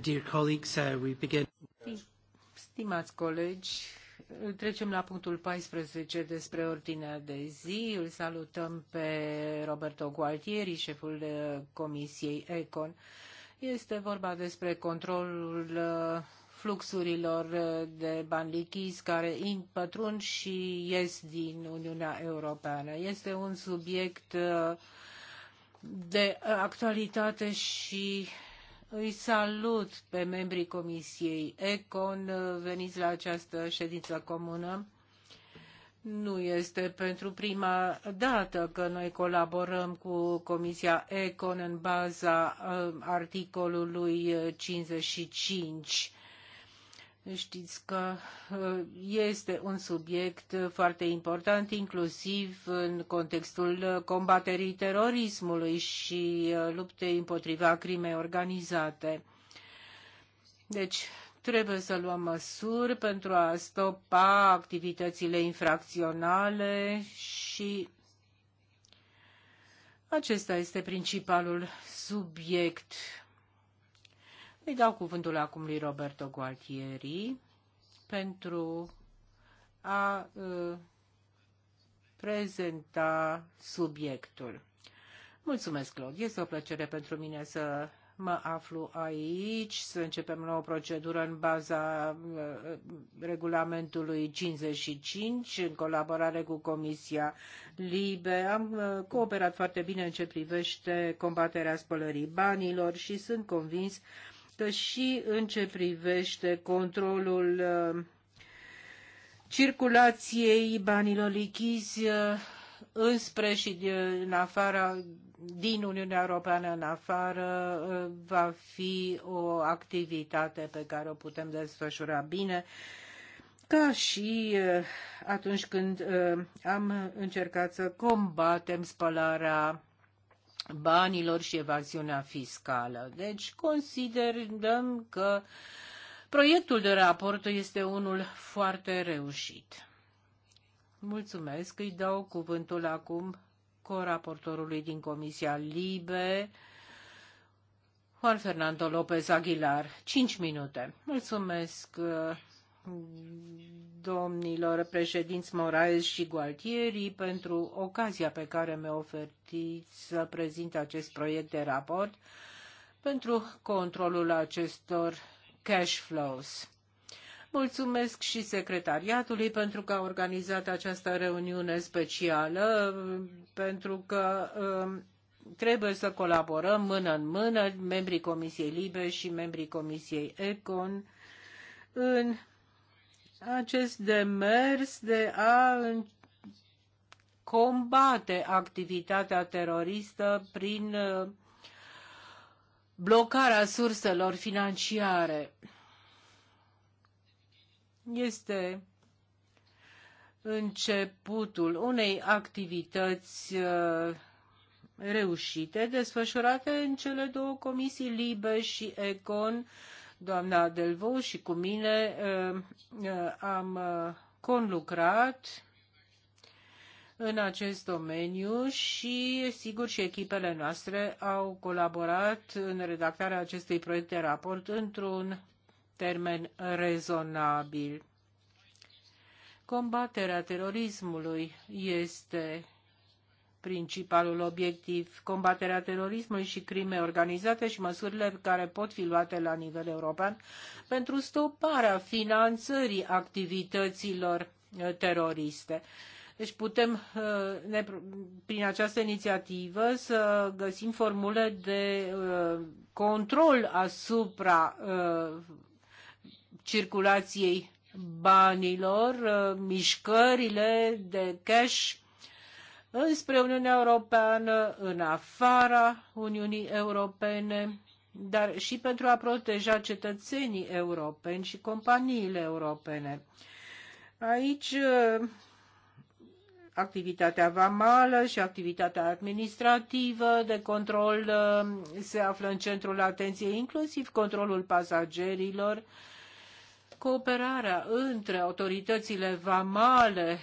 Uh, uh, Stimați colegi, trecem la punctul 14 despre ordinea de zi. Îl salutăm pe Roberto Gualtieri, șeful uh, Comisiei Econ. Este vorba despre controlul fluxurilor de bani lichizi care pătrund și ies din Uniunea Europeană. Este un subiect de actualitate și îi salut pe membrii Comisiei Econ uh, veniți la această ședință comună. Nu este pentru prima dată că noi colaborăm cu Comisia Econ în baza uh, articolului 55 uh, Știți că uh, este un subiect uh, foarte important, inclusiv în contextul uh, combaterii terorismului și luptei împotriva crimei organizate. Deci, trebuie să luăm măsuri pentru a stopa activitățile infracționale și acesta este principalul subiect îi dau cuvântul acum lui Roberto Gualtieri pentru a uh, prezenta subiectul. Mulțumesc, Claude. Este o plăcere pentru mine să mă aflu aici, să începem o procedură în baza uh, regulamentului 55, în colaborare cu Comisia Libe. Am uh, cooperat foarte bine în ce privește combaterea spălării banilor și sunt convins că și în ce privește controlul uh, circulației banilor lichizi uh, înspre și în afara, din Uniunea Europeană în afară, uh, va fi o activitate pe care o putem desfășura bine ca și atunci când am încercat să combatem spălarea banilor și evaziunea fiscală. Deci considerăm că proiectul de raport este unul foarte reușit. Mulțumesc, îi dau cuvântul acum coraportorului din Comisia Libe, Juan Fernando López Aguilar. Cinci minute. Mulțumesc, domnilor președinți Moraes și Gualtieri pentru ocazia pe care mi-a ofertit să prezint acest proiect de raport pentru controlul acestor cash flows. Mulțumesc și secretariatului pentru că a organizat această reuniune specială, pentru că um, trebuie să colaborăm mână în mână membrii Comisiei Libe și membrii Comisiei Econ în acest demers de a combate activitatea teroristă prin uh, blocarea surselor financiare. Este începutul unei activități uh, reușite, desfășurate în cele două comisii, LIBE și ECON, doamna Delvo și cu mine eh, eh, am eh, conlucrat în acest domeniu și, sigur, și echipele noastre au colaborat în redactarea acestui proiect de raport într-un termen rezonabil. Combaterea terorismului este principalul obiectiv, combaterea terorismului și crimei organizate și măsurile care pot fi luate la nivel european pentru stoparea finanțării activităților uh, teroriste. Deci putem, uh, ne, prin această inițiativă, să găsim formule de uh, control asupra circulației banilor, mișcările de cash înspre Uniunea Europeană, în afara Uniunii Europene, dar și pentru a proteja cetățenii europeni și companiile europene. Aici uh, activitatea vamală și activitatea administrativă de control uh, se află în centrul atenției, inclusiv controlul pasagerilor, cooperarea între autoritățile vamale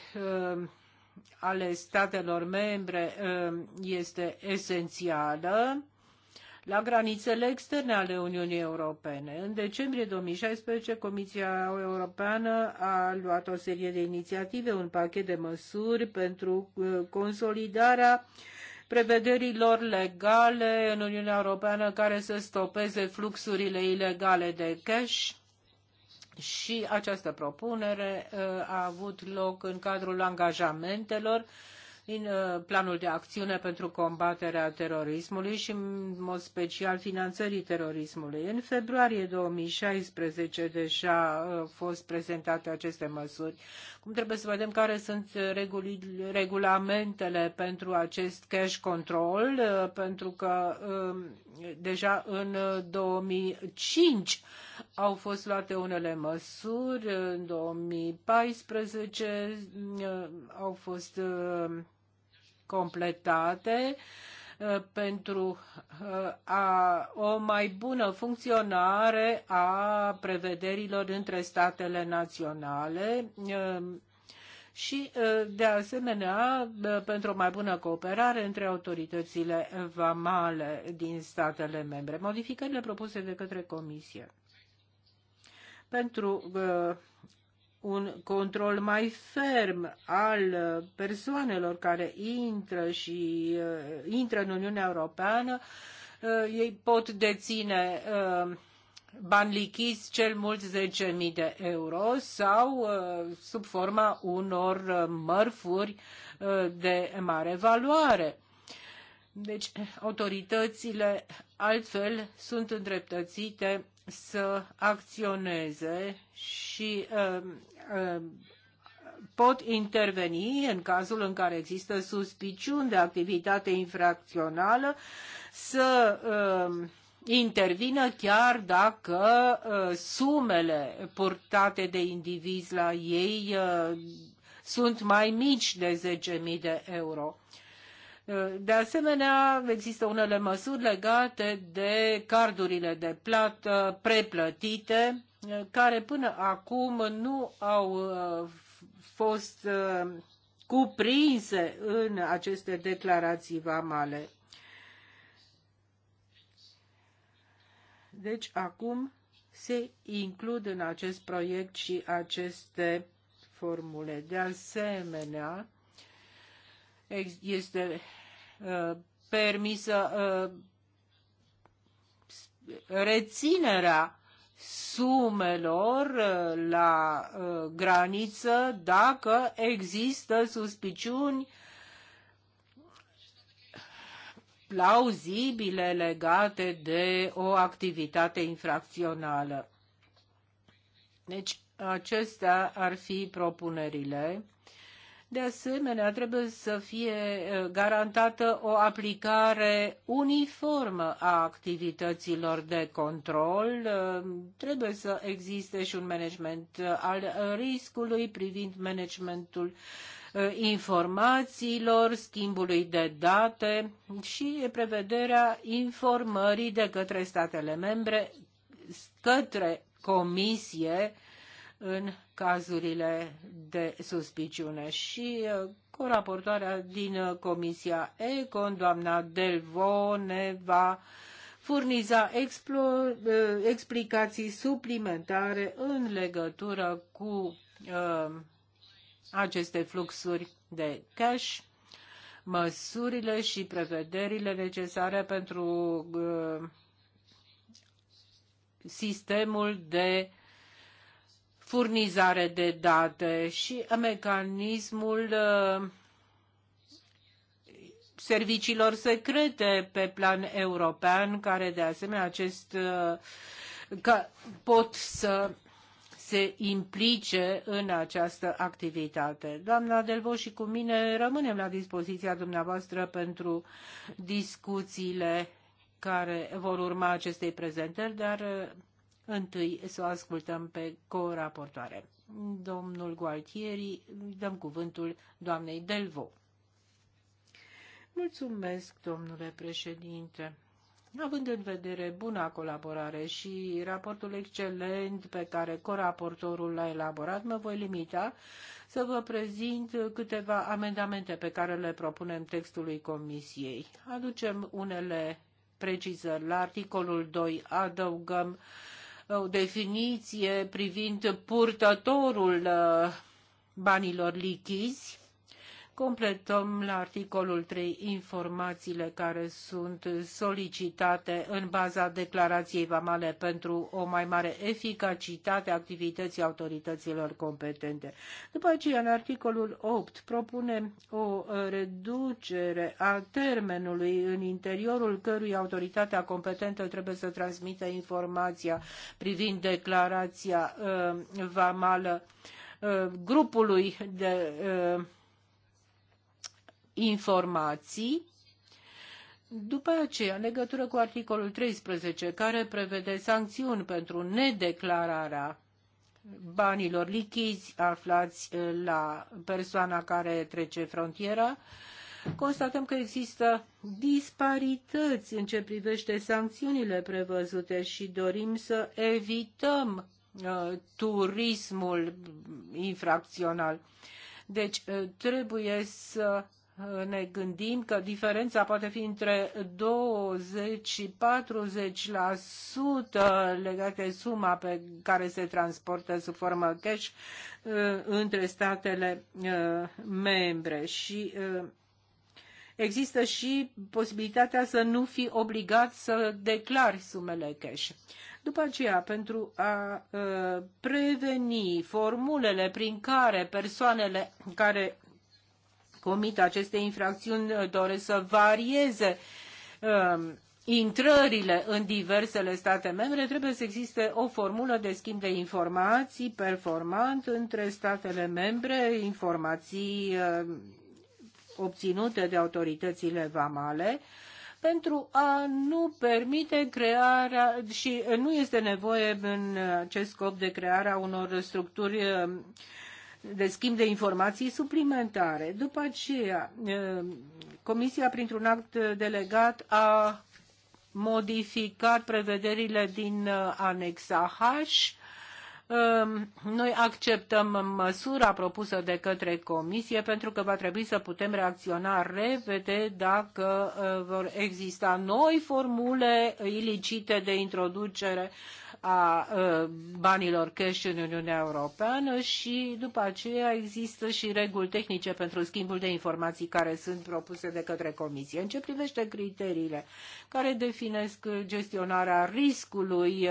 uh, ale statelor membre um, este esențială la granițele externe ale Uniunii Europene. În decembrie 2016, Comisia Europeană a luat o serie de inițiative, un pachet de măsuri pentru uh, consolidarea prevederilor legale în Uniunea Europeană care să stopeze fluxurile ilegale de cash și această propunere uh, a avut loc în cadrul angajamentelor în uh, planul de acțiune pentru combaterea terorismului și în mod special finanțării terorismului. În februarie 2016 deja uh, au fost prezentate aceste măsuri. Cum trebuie să vedem care sunt regulamentele pentru acest cash control, pentru că deja în 2005 au fost luate unele măsuri în 2014, uh, au fost uh, completate uh, pentru a, o mai bună funcționare a prevederilor între statele naționale și, de asemenea, pentru o mai bună cooperare între autoritățile vamale din statele membre. Modificările propuse de către Comisie pentru uh, un control mai ferm al uh, persoanelor care intră și uh, intră în Uniunea Europeană. Ei pot deține bani lichizi cel mult 10.000 de euro sau sub forma unor mărfuri de mare valoare. Deci autoritățile altfel sunt îndreptățite să acționeze și uh, uh, pot interveni în cazul în care există suspiciuni de activitate infracțională să uh, intervină chiar dacă uh, sumele purtate de indivizi la ei uh, sunt mai mici de 10.000 de euro. De asemenea, există unele măsuri legate de cardurile de plată preplătite, care până acum nu au uh, fost uh, cuprinse în aceste declarații vamale. Deci acum se includ în acest proiect și aceste formule. De asemenea, este uh, permisă uh, reținerea sumelor uh, la graniță dacă există suspiciuni plauzibile legate de o activitate infracțională. Deci, acestea ar fi propunerile de asemenea, trebuie să fie garantată o aplicare uniformă a activităților de control. Trebuie să existe și un management al riscului privind managementul informațiilor, schimbului de date și prevederea informării de către statele membre către comisie în cazurile de suspiciune. Și uh, cu raportoarea din uh, Comisia Econ, doamna Delvo, ne va furniza explo, uh, explicații suplimentare în legătură cu uh, aceste fluxuri de cash, măsurile și prevederile necesare pentru uh, sistemul de furnizare de date și mecanismul uh, serviciilor secrete pe plan european, care de asemenea acest, uh, că pot să se implice în această activitate. Doamna Delvo și cu mine rămânem la dispoziția dumneavoastră pentru discuțiile care vor urma acestei prezentări, dar uh, Întâi să o ascultăm pe co-raportoare. Domnul Gualtieri, dăm cuvântul doamnei Delvo. Mulțumesc, domnule președinte. Având în vedere buna colaborare și raportul excelent pe care coraportorul l-a elaborat, mă voi limita să vă prezint câteva amendamente pe care le propunem textului Comisiei. Aducem unele precizări. La articolul 2 adăugăm uh, o definiție privind purtătorul uh, banilor lichizi Completăm la articolul 3 informațiile care sunt solicitate în baza declarației vamale pentru o mai mare eficacitate a activității autorităților competente. După aceea, în articolul 8, propune o uh, reducere a termenului în interiorul căruia autoritatea competentă trebuie să transmită informația privind declarația uh, vamală uh, grupului de uh, informații. După aceea, în legătură cu articolul 13, care prevede sancțiuni pentru nedeclararea banilor lichizi aflați la persoana care trece frontiera, constatăm că există disparități în ce privește sancțiunile prevăzute și dorim să evităm uh, turismul infracțional. Deci uh, trebuie să ne gândim că diferența poate fi între 20 și 40% legată de suma pe care se transportă sub formă cash uh, între statele uh, membre și uh, există și posibilitatea să nu fi obligat să declari sumele cash. După aceea, pentru a preveni formulele prin care persoanele care comit aceste infracțiuni uh, doresc să varieze um, intrările în diversele state membre, trebuie să existe o formulă de schimb de informații performant între statele membre, informații um, obținute de autoritățile vamale, pentru a nu permite crearea și nu este nevoie în acest scop de crearea unor structuri uh, de schimb de informații suplimentare. După aceea, Comisia, printr-un act delegat, a modificat prevederile din anexa H. Noi acceptăm măsura propusă de către Comisie pentru că va trebui să putem reacționa repede dacă vor exista noi formule ilicite de introducere a banilor cash în Uniunea Europeană și după aceea există și reguli tehnice pentru schimbul de informații care sunt propuse de către Comisie. În ce privește criteriile care definesc gestionarea riscului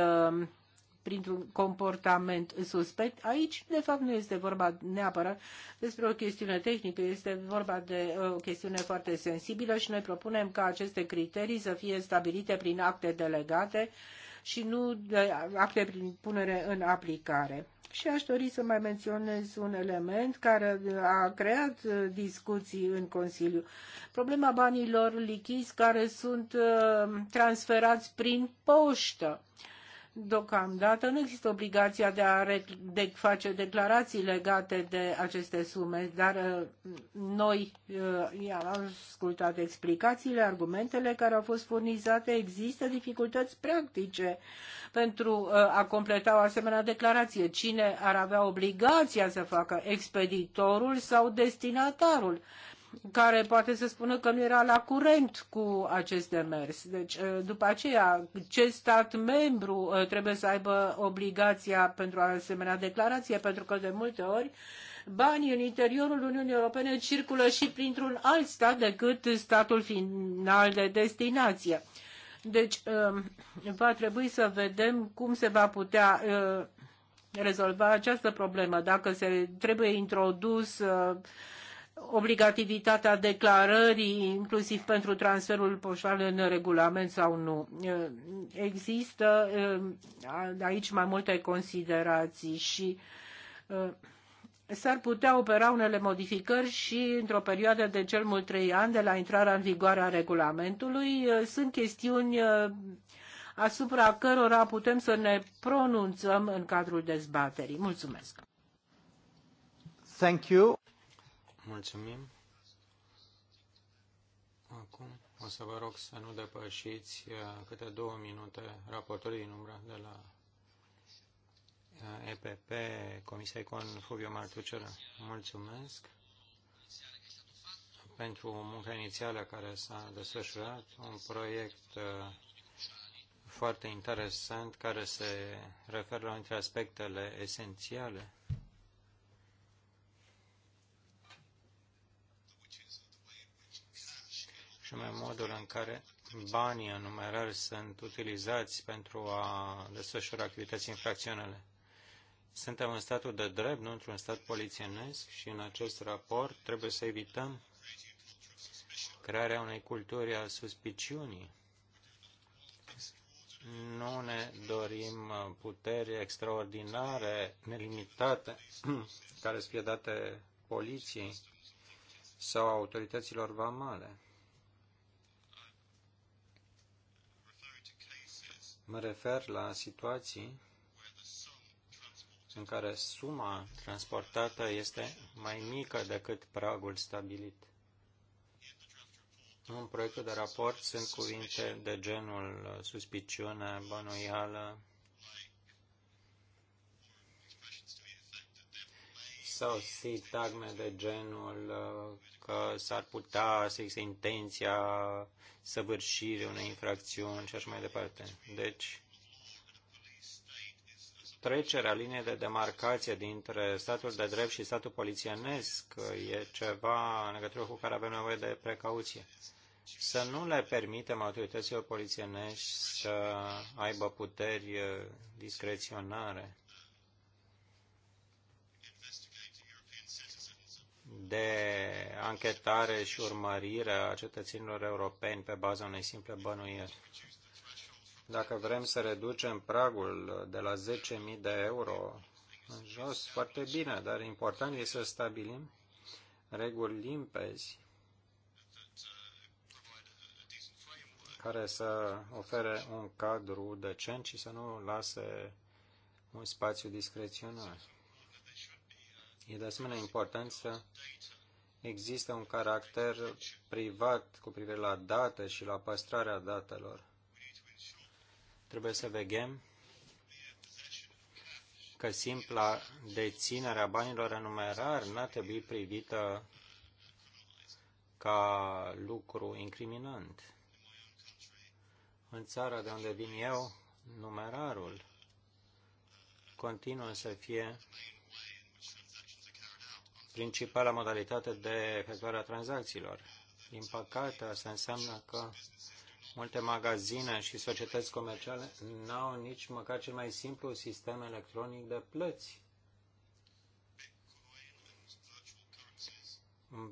printr-un comportament suspect. Aici, de fapt, nu este vorba neapărat despre o chestiune tehnică, este vorba de o chestiune foarte sensibilă și noi propunem ca aceste criterii să fie stabilite prin acte delegate și nu de acte prin punere în aplicare. Și aș dori să mai menționez un element care a creat uh, discuții în Consiliu. Problema banilor lichizi care sunt uh, transferați prin poștă. Deocamdată nu există obligația de a face declarații legate de aceste sume, dar uh, noi uh, am ascultat explicațiile, argumentele care au fost furnizate. Există dificultăți practice pentru uh, a completa o asemenea declarație. Cine ar avea obligația să facă expeditorul sau destinatarul? care poate să spună că nu era la curent cu acest demers. Deci, uh, după aceea, ce stat membru uh, trebuie să aibă obligația pentru asemenea declarație, pentru că de multe ori banii în interiorul Uniunii Europene circulă și printr-un alt stat decât statul final de destinație. Deci, um, va trebui să vedem cum se va putea uh, rezolva această problemă, dacă se trebuie introdus obligativitatea declarării, inclusiv pentru transferul poștal în regulament sau nu. Există aici mai multe considerații și s-ar putea opera unele modificări și într-o perioadă de cel mult trei ani de la intrarea în vigoare a regulamentului. Sunt chestiuni asupra cărora putem să ne pronunțăm în cadrul dezbaterii. Mulțumesc! Thank you. Mulțumim. Acum o să vă rog să nu depășiți uh, câte două minute raportorii din umbră de la uh, EPP, Comisia Icon Fulvio Martucera. Mulțumesc pentru munca inițială care s-a desfășurat, un proiect uh, foarte interesant care se referă la între aspectele esențiale și mai modul în care banii în numerar sunt utilizați pentru a desfășura activități infracționale. Suntem în statul de drept, nu într-un stat polițienesc și în acest raport trebuie să evităm crearea unei culturi a suspiciunii. Nu ne dorim puteri extraordinare, nelimitate, care să fie date poliției sau autorităților vamale. Mă refer la situații în care suma transportată este mai mică decât pragul stabilit. În proiectul de raport sunt cuvinte de genul suspiciune, bănuială, sau sintagme de genul uh, că s-ar putea să existe intenția săvârșirii unei infracțiuni și așa mai departe. Deci, trecerea liniei de demarcație dintre statul de drept și statul polițienesc uh, e ceva în legătură cu care avem nevoie de precauție. Să nu le permitem autorităților polițienești să aibă puteri uh, discreționare de anchetare și urmărire a cetățenilor europeni pe baza unei simple bănuieli. Dacă vrem să reducem pragul de la 10.000 de euro în jos, foarte bine, dar important este să stabilim reguli limpezi care să ofere un cadru decent și să nu lase un spațiu discreționar. E de asemenea important să există un caracter privat cu privire la date și la păstrarea datelor. Trebuie să vegem că simpla deținerea banilor în numerar n-ar trebui privită ca lucru incriminant. În țara de unde vin eu, numerarul continuă să fie principala modalitate de efectuare a tranzacțiilor. Din păcate, asta înseamnă că multe magazine și societăți comerciale n-au nici măcar cel mai simplu sistem electronic de plăți.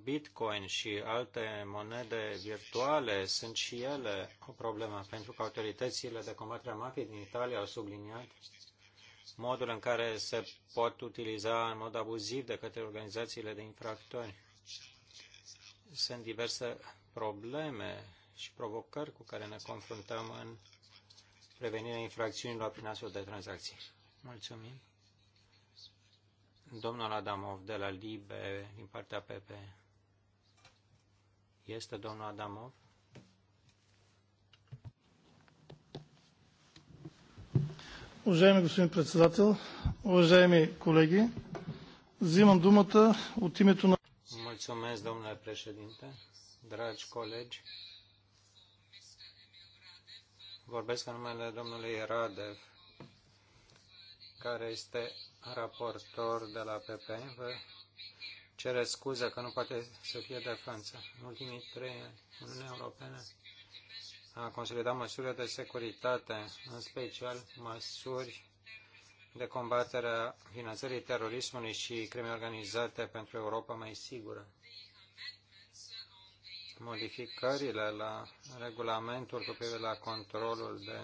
Bitcoin și alte monede virtuale sunt și ele o problemă, pentru că autoritățile de combatere a mafiei din Italia au subliniat modul în care se pot utiliza în mod abuziv de către organizațiile de infractori. Sunt diverse probleme și provocări cu care ne confruntăm în prevenirea infracțiunilor prin astfel de tranzacții. Mulțumim. Domnul Adamov de la LIBE, din partea PP. Este domnul Adamov? Уважаеми господин председател, уважаеми колеги, взимам думата от името на... Mulțumesc, domnule președinte, dragi colegi. Vorbesc în numele domnului Radev, care este raportor de la PP. Vă cere scuze că nu poate să fie de față. În ultimii trei ani, Uniunea Europeană a consolida măsurile de securitate, în special măsuri de combatere a finanțării terorismului și crimei organizate pentru Europa mai sigură. Modificările la regulamentul cu privire la controlul de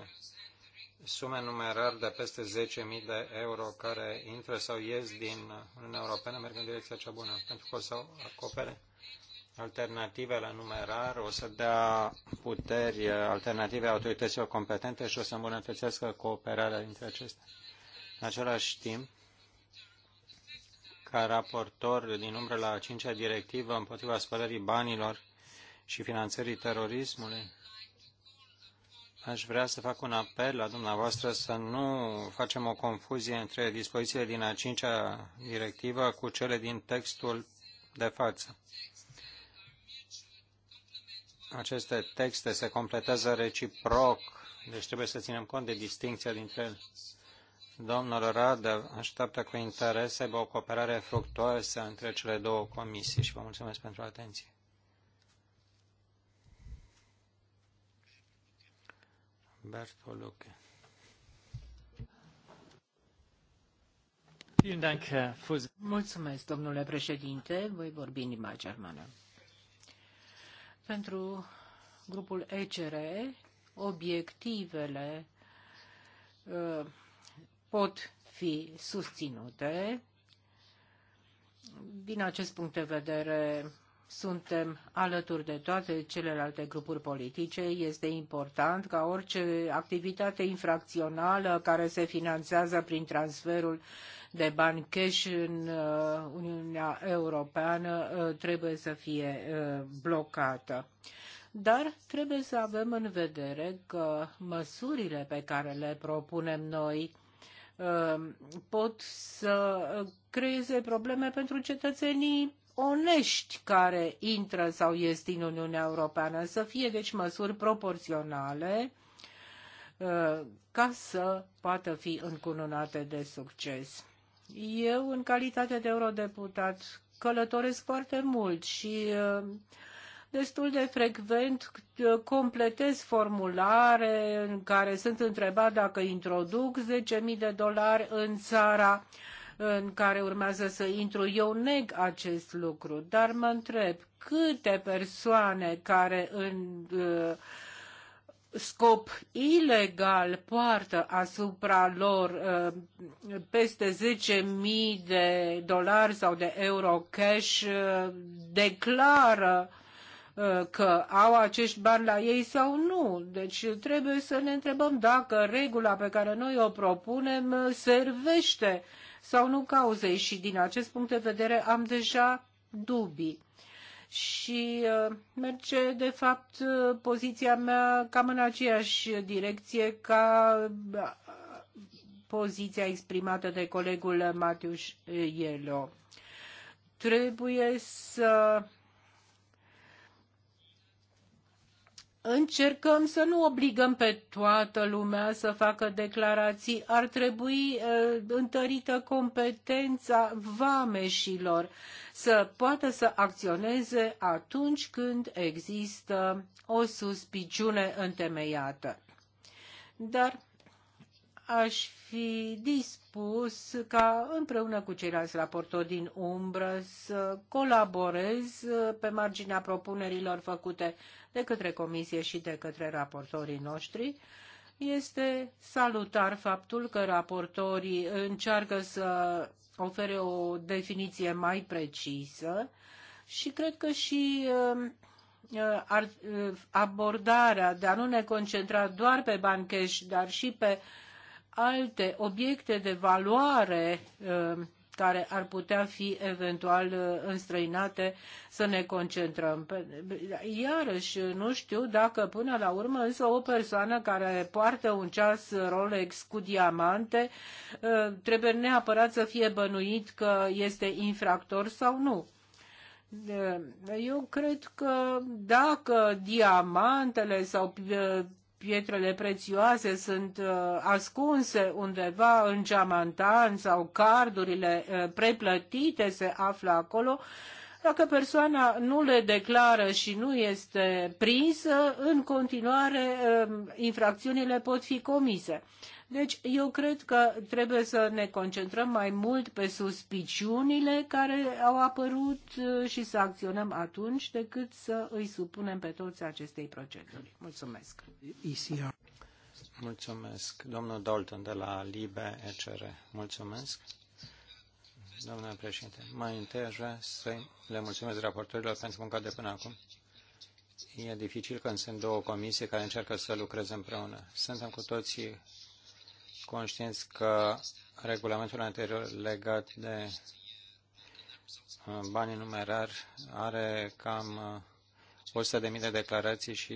sume numerar de peste 10.000 de euro care intră sau ies din Uniunea Europeană merg în direcția cea bună, pentru că o să acopere alternative la numerar, o să dea puteri alternative autorităților competente și o să îmbunătățească cooperarea dintre acestea. În același timp, ca raportor din umbră la a cincea directivă împotriva spălării banilor și finanțării terorismului, aș vrea să fac un apel la dumneavoastră să nu facem o confuzie între dispozițiile din a cincea directivă cu cele din textul de față aceste texte se completează reciproc, deci trebuie să ținem cont de distinția dintre ele. Domnul Radă așteaptă cu interes să aibă o cooperare fructuoasă între cele două comisii și vă mulțumesc pentru atenție. Bertolucci. Mulțumesc, domnule președinte. Voi vorbi în limba germană pentru grupul ECR obiectivele uh, pot fi susținute. Din acest punct de vedere, suntem alături de toate celelalte grupuri politice. Este important ca orice activitate infracțională care se finanțează prin transferul de bani cash în uh, Uniunea Europeană uh, trebuie să fie uh, blocată. Dar trebuie să avem în vedere că măsurile pe care le propunem noi pot să creeze probleme pentru cetățenii onești care intră sau ies din Uniunea Europeană, să fie deci măsuri proporționale uh, ca să poată fi încununate de succes. Eu, în calitate de eurodeputat, călătoresc foarte mult și uh, destul de frecvent uh, completez formulare în care sunt întrebat dacă introduc 10.000 de dolari în țara în care urmează să intru. Eu neg acest lucru, dar mă întreb câte persoane care în uh, scop ilegal poartă asupra lor uh, peste 10.000 de dolari sau de euro cash, uh, declară uh, că au acești bani la ei sau nu. Deci trebuie să ne întrebăm dacă regula pe care noi o propunem uh, servește sau nu cauzei și din acest punct de vedere am deja dubii. Și uh, merge, de fapt, uh, poziția mea cam în aceeași direcție ca uh, poziția exprimată de colegul Matius Ielo. Trebuie să încercăm să nu obligăm pe toată lumea să facă declarații. Ar trebui uh, întărită competența vameșilor să poată să acționeze atunci când există o suspiciune întemeiată. Dar aș fi dispus ca împreună cu ceilalți raportori din umbră să colaborez uh, pe marginea propunerilor făcute de către comisie și de către raportorii noștri. Este salutar faptul că raportorii încearcă să ofere o definiție mai precisă și cred că și um, uh, uh, abordarea de a nu ne concentra doar pe bani cash, dar și pe uh, alte obiecte de valoare um, care ar putea fi eventual uh, înstrăinate să ne concentrăm. Iarăși, nu știu dacă până la urmă însă o persoană care poartă un ceas Rolex cu diamante uh, trebuie neapărat să fie bănuit că este infractor sau nu. Uh, eu cred că dacă diamantele sau pietrele prețioase sunt uh, ascunse undeva în geamantan sau cardurile uh, preplătite se află acolo, dacă persoana nu le declară și nu este prinsă, în continuare uh, infracțiunile pot fi comise. Deci eu cred că trebuie să ne concentrăm mai mult pe suspiciunile care au apărut uh, și să acționăm atunci decât să îi supunem pe toți acestei proceduri. Mulțumesc. Mulțumesc. Domnul Dalton de la Libe ECR. Mulțumesc. Domnule președinte, mai întâi aș vrea să le mulțumesc raportorilor pentru munca de până acum. E dificil când sunt două comisii care încearcă să lucreze împreună. Suntem cu toții conștienți că regulamentul anterior legat de uh, banii numerari are cam 100.000 uh, de declarații și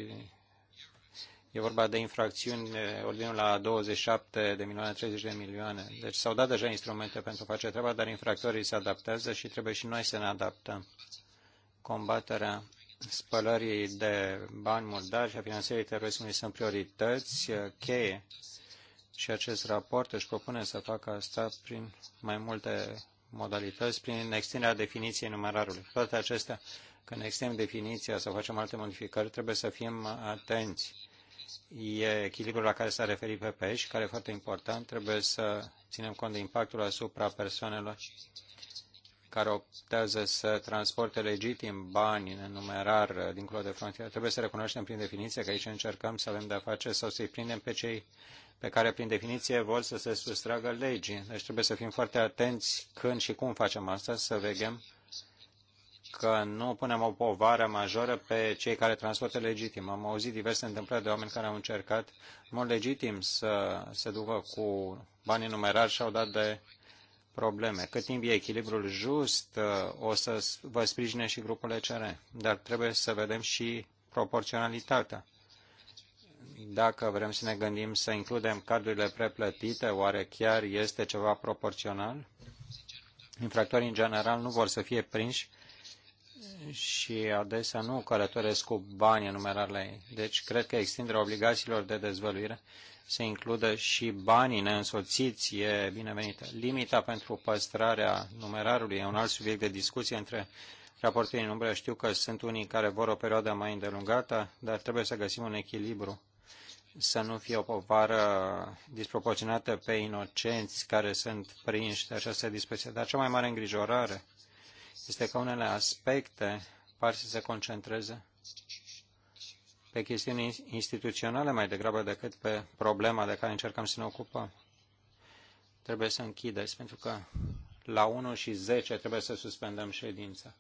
e vorba de infracțiuni ordinul la 27 de milioane, 30 de milioane. Deci s-au dat deja instrumente pentru a face treaba, dar infractorii se adaptează și trebuie și noi să ne adaptăm. Combaterea spălării de bani murdari și a finanțării terorismului sunt priorități uh, cheie și acest raport își propune să facă asta prin mai multe modalități, prin extinderea definiției numerarului. Toate acestea, când extindem definiția sau facem alte modificări, trebuie să fim atenți. E echilibrul la care s-a referit PP și care e foarte important. Trebuie să ținem cont de impactul asupra persoanelor care optează să transporte legitim bani în numerar uh, dincolo de frontieră. Trebuie să recunoaștem prin definiție că aici încercăm să avem de-a face sau să-i prindem pe cei pe care prin definiție vor să se sustragă legii. Deci trebuie să fim foarte atenți când și cum facem asta, să vegem că nu punem o povară majoră pe cei care transportă legitim. Am auzit diverse întâmplări de oameni care au încercat în mod legitim să se ducă cu banii numerari și au dat de probleme. Cât timp e echilibrul just, o să vă sprijine și grupul CR, dar trebuie să vedem și proporționalitatea. Dacă vrem să ne gândim să includem cardurile preplătite, oare chiar este ceva proporțional? Infractorii, în general, nu vor să fie prinși și adesea nu călătoresc cu bani în ei. Deci cred că extinderea obligațiilor de dezvăluire se includă și banii neînsoțiți e binevenită. Limita pentru păstrarea numerarului e un alt subiect de discuție între raportei în umbră. Știu că sunt unii care vor o perioadă mai îndelungată, dar trebuie să găsim un echilibru să nu fie o povară disproporționată pe inocenți care sunt prinși de această dispoziție. Dar cea mai mare îngrijorare este că unele aspecte par să se concentreze pe chestiuni instituționale mai degrabă decât pe problema de care încercăm să ne ocupăm. Trebuie să închideți, pentru că la 1 și 10 trebuie să suspendăm ședința.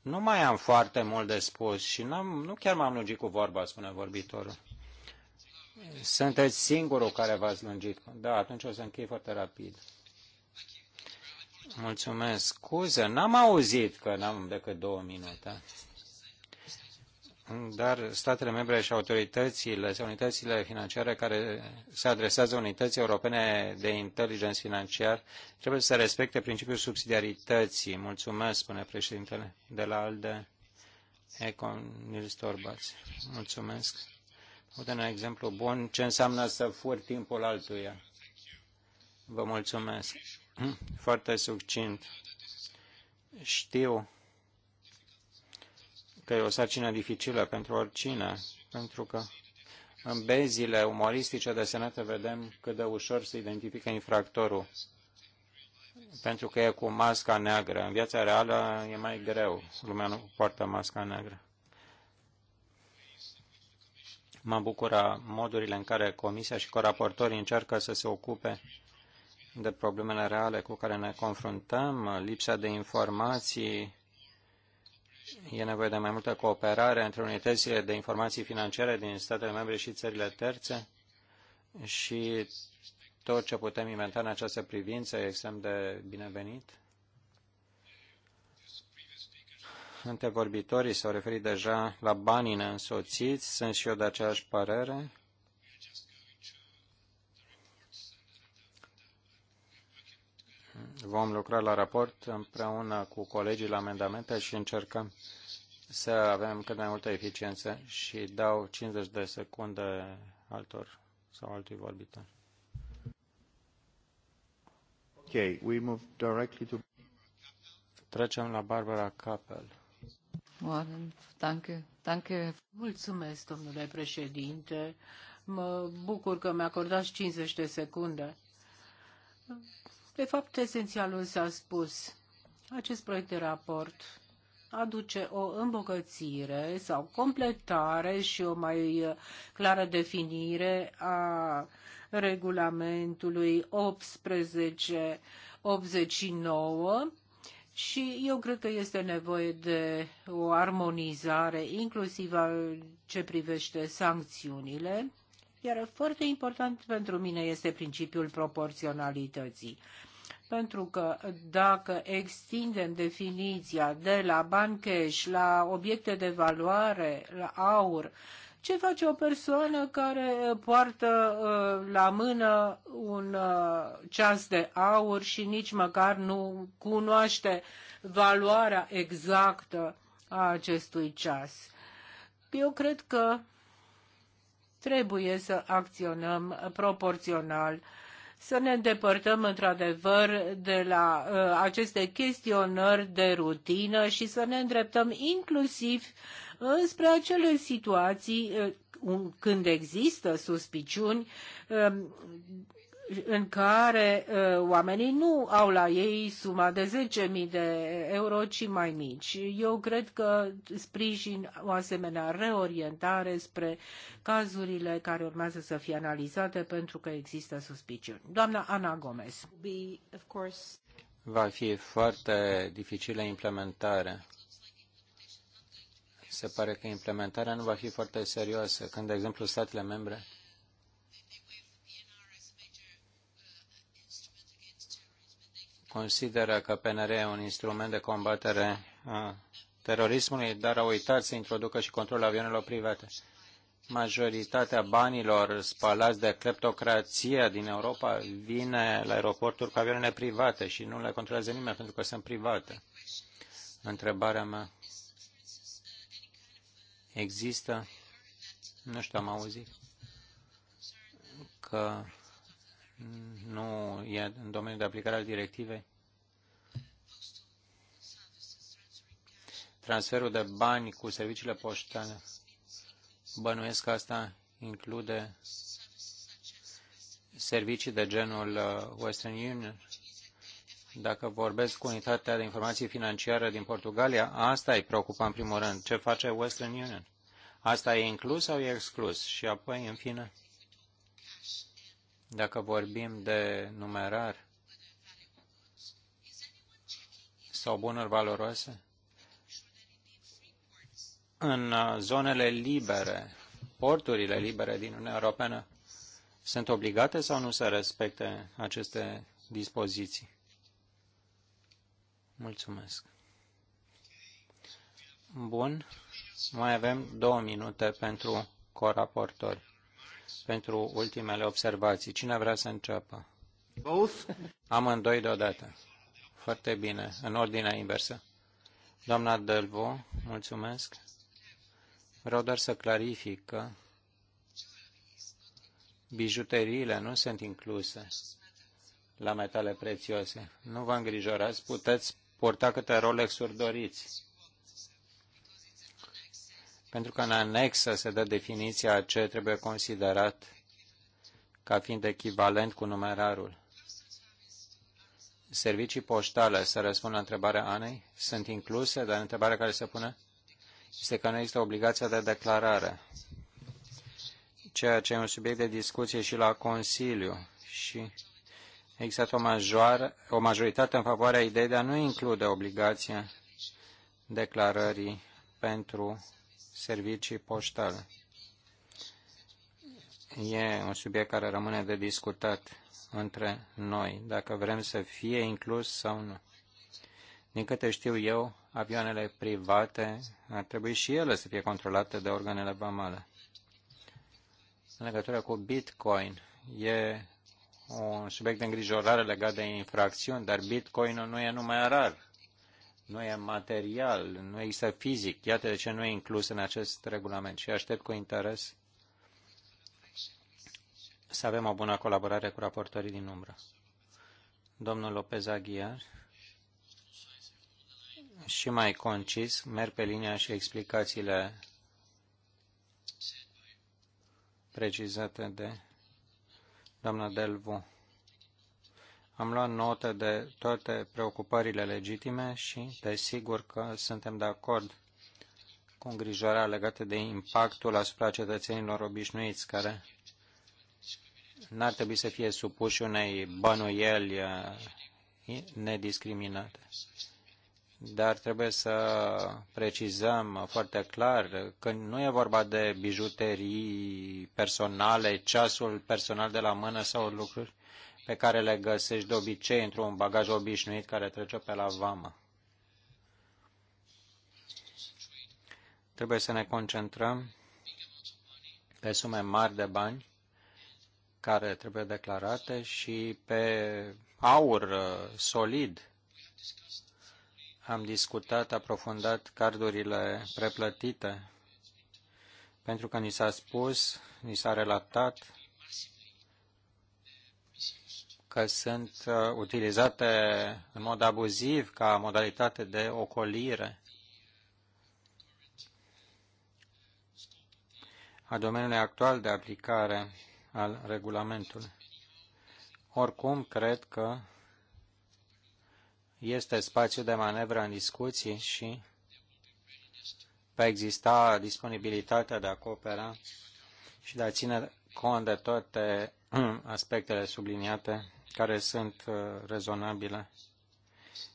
Nu mai am foarte mult de spus și n-am, nu chiar m-am lungit cu vorba, spune vorbitorul. Sunteți singurul care v-ați lungit. Da, atunci o să închei foarte rapid. Mulțumesc. Scuze, n-am auzit că n-am decât două minute. Dar statele membre și autoritățile, unitățile financiare care se adresează unității europene de inteligență financiar trebuie să respecte principiul subsidiarității. Mulțumesc, spune președintele de la ALDE, Econ Nils Torbaț. Mulțumesc. Uite un exemplu bun ce înseamnă să furi timpul altuia. Vă mulțumesc. Foarte succint. Știu că e o sarcină dificilă pentru oricine, pentru că în bezile umoristice desenate vedem cât de ușor se identifică infractorul, pentru că e cu masca neagră. În viața reală e mai greu, lumea nu poartă masca neagră. Mă bucură modurile în care Comisia și coraportorii încearcă să se ocupe de problemele reale cu care ne confruntăm, lipsa de informații, e nevoie de mai multă cooperare între unitățile de informații financiare din statele membre și țările terțe și tot ce putem inventa în această privință e extrem de binevenit. Antevorbitorii s-au referit deja la banii neînsoțiți, sunt și eu de aceeași părere vom lucra la raport împreună cu colegii la amendamente și încercăm să avem cât mai multă eficiență și dau 50 de secunde altor sau altui vorbitor. Okay, we move directly to... Trecem la Barbara Kappel. Danke, danke. Mulțumesc, domnule președinte. Mă bucur că mi-a acordat 50 de secunde. De fapt, esențialul s-a spus. Acest proiect de raport aduce o îmbogățire sau completare și o mai clară definire a regulamentului 1889 și eu cred că este nevoie de o armonizare inclusiv ce privește sancțiunile iar foarte important pentru mine este principiul proporționalității. Pentru că dacă extindem definiția de la bani cash, la obiecte de valoare, la aur, ce face o persoană care poartă uh, la mână un uh, ceas de aur și nici măcar nu cunoaște valoarea exactă a acestui ceas? Eu cred că Trebuie să acționăm proporțional să ne îndepărtăm într-adevăr de la uh, aceste chestionări de rutină și să ne îndreptăm inclusiv înspre acele situații uh, când există suspiciuni uh, în care uh, oamenii nu au la ei suma de 10.000 de euro, ci mai mici. Eu cred că sprijin o asemenea reorientare spre cazurile care urmează să fie analizate pentru că există suspiciuni. Doamna Ana Gomez. Va fi foarte dificilă implementarea se pare că implementarea nu va fi foarte serioasă. Când, de exemplu, statele membre consideră că PNR e un instrument de combatere a terorismului, dar au uitat să introducă și controlul avionelor private. Majoritatea banilor spalați de cleptocrație din Europa vine la aeroporturi cu avioane private și nu le controlează nimeni pentru că sunt private. Întrebarea mea. Există, nu știu, am auzit că nu e în domeniul de aplicare al directivei. Transferul de bani cu serviciile poștale. Bănuiesc că asta include servicii de genul uh, Western Union. Dacă vorbesc cu unitatea de informații financiară din Portugalia, asta îi preocupa în primul rând. Ce face Western Union? Asta e inclus sau e exclus? Și apoi, în fine, dacă vorbim de numerar sau bunuri valoroase, în zonele libere, porturile libere din Uniunea Europeană, sunt obligate sau nu să respecte aceste dispoziții? Mulțumesc. Bun. Mai avem două minute pentru coraportori pentru ultimele observații. Cine vrea să înceapă? Both? Amândoi deodată. Foarte bine, în ordinea inversă. Doamna Delvo, mulțumesc. Vreau doar să clarific că bijuteriile nu sunt incluse la metale prețioase. Nu vă îngrijorați, puteți purta câte Rolex-uri doriți pentru că în anexă se dă definiția ce trebuie considerat ca fiind echivalent cu numerarul. Servicii poștale, să răspund la întrebarea Anei, sunt incluse, dar întrebarea care se pune este că nu există obligația de declarare, ceea ce e un subiect de discuție și la Consiliu și există o, major, o majoritate în favoarea ideii de a nu include obligația declarării pentru servicii poștale. E un subiect care rămâne de discutat între noi, dacă vrem să fie inclus sau nu. Din câte știu eu, avioanele private ar trebui și ele să fie controlate de organele vamale. În legătură cu Bitcoin, e un subiect de îngrijorare legat de infracțiuni, dar bitcoin Bitcoin-ul nu e numai rar nu e material, nu există fizic. Iată de ce nu e inclus în acest regulament și aștept cu interes să avem o bună colaborare cu raportorii din umbră. Domnul Lopez Aghiar și mai concis, merg pe linia și explicațiile precizate de doamna Delvaux. Am luat notă de toate preocupările legitime și, desigur, că suntem de acord cu îngrijorarea legată de impactul asupra cetățenilor obișnuiți care n-ar trebui să fie supuși unei bănuieli eh, nediscriminate. Dar trebuie să precizăm foarte clar că nu e vorba de bijuterii personale, ceasul personal de la mână sau lucruri pe care le găsești de obicei într-un bagaj obișnuit care trece pe la vamă. Trebuie să ne concentrăm pe sume mari de bani care trebuie declarate și pe aur uh, solid. Am discutat aprofundat cardurile preplătite pentru că ni s-a spus, ni s-a relatat că sunt uh, utilizate în mod abuziv ca modalitate de ocolire a domeniului actual de aplicare al regulamentului. Oricum, cred că este spațiu de manevră în discuții și va exista disponibilitatea de a coopera și de a ține cont de toate aspectele subliniate care sunt uh, rezonabile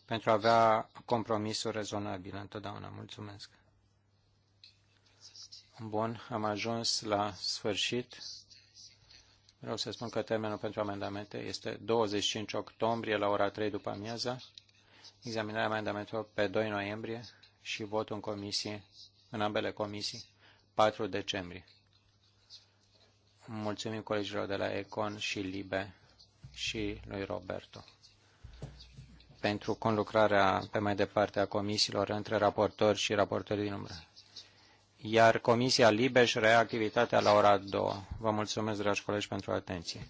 pentru a avea compromisuri rezonabile întotdeauna. Mulțumesc. Bun, am ajuns la sfârșit. Vreau să spun că termenul pentru amendamente este 25 octombrie la ora 3 după amiază, examinarea amendamentelor pe 2 noiembrie și votul în comisie, în ambele comisii, 4 decembrie. Mulțumim colegilor de la Econ și Libe și lui Roberto pentru conlucrarea pe mai departe a comisiilor între raportori și raportori din umbră. Iar Comisia Libe își reia activitatea la ora 2. Vă mulțumesc, dragi colegi, pentru atenție.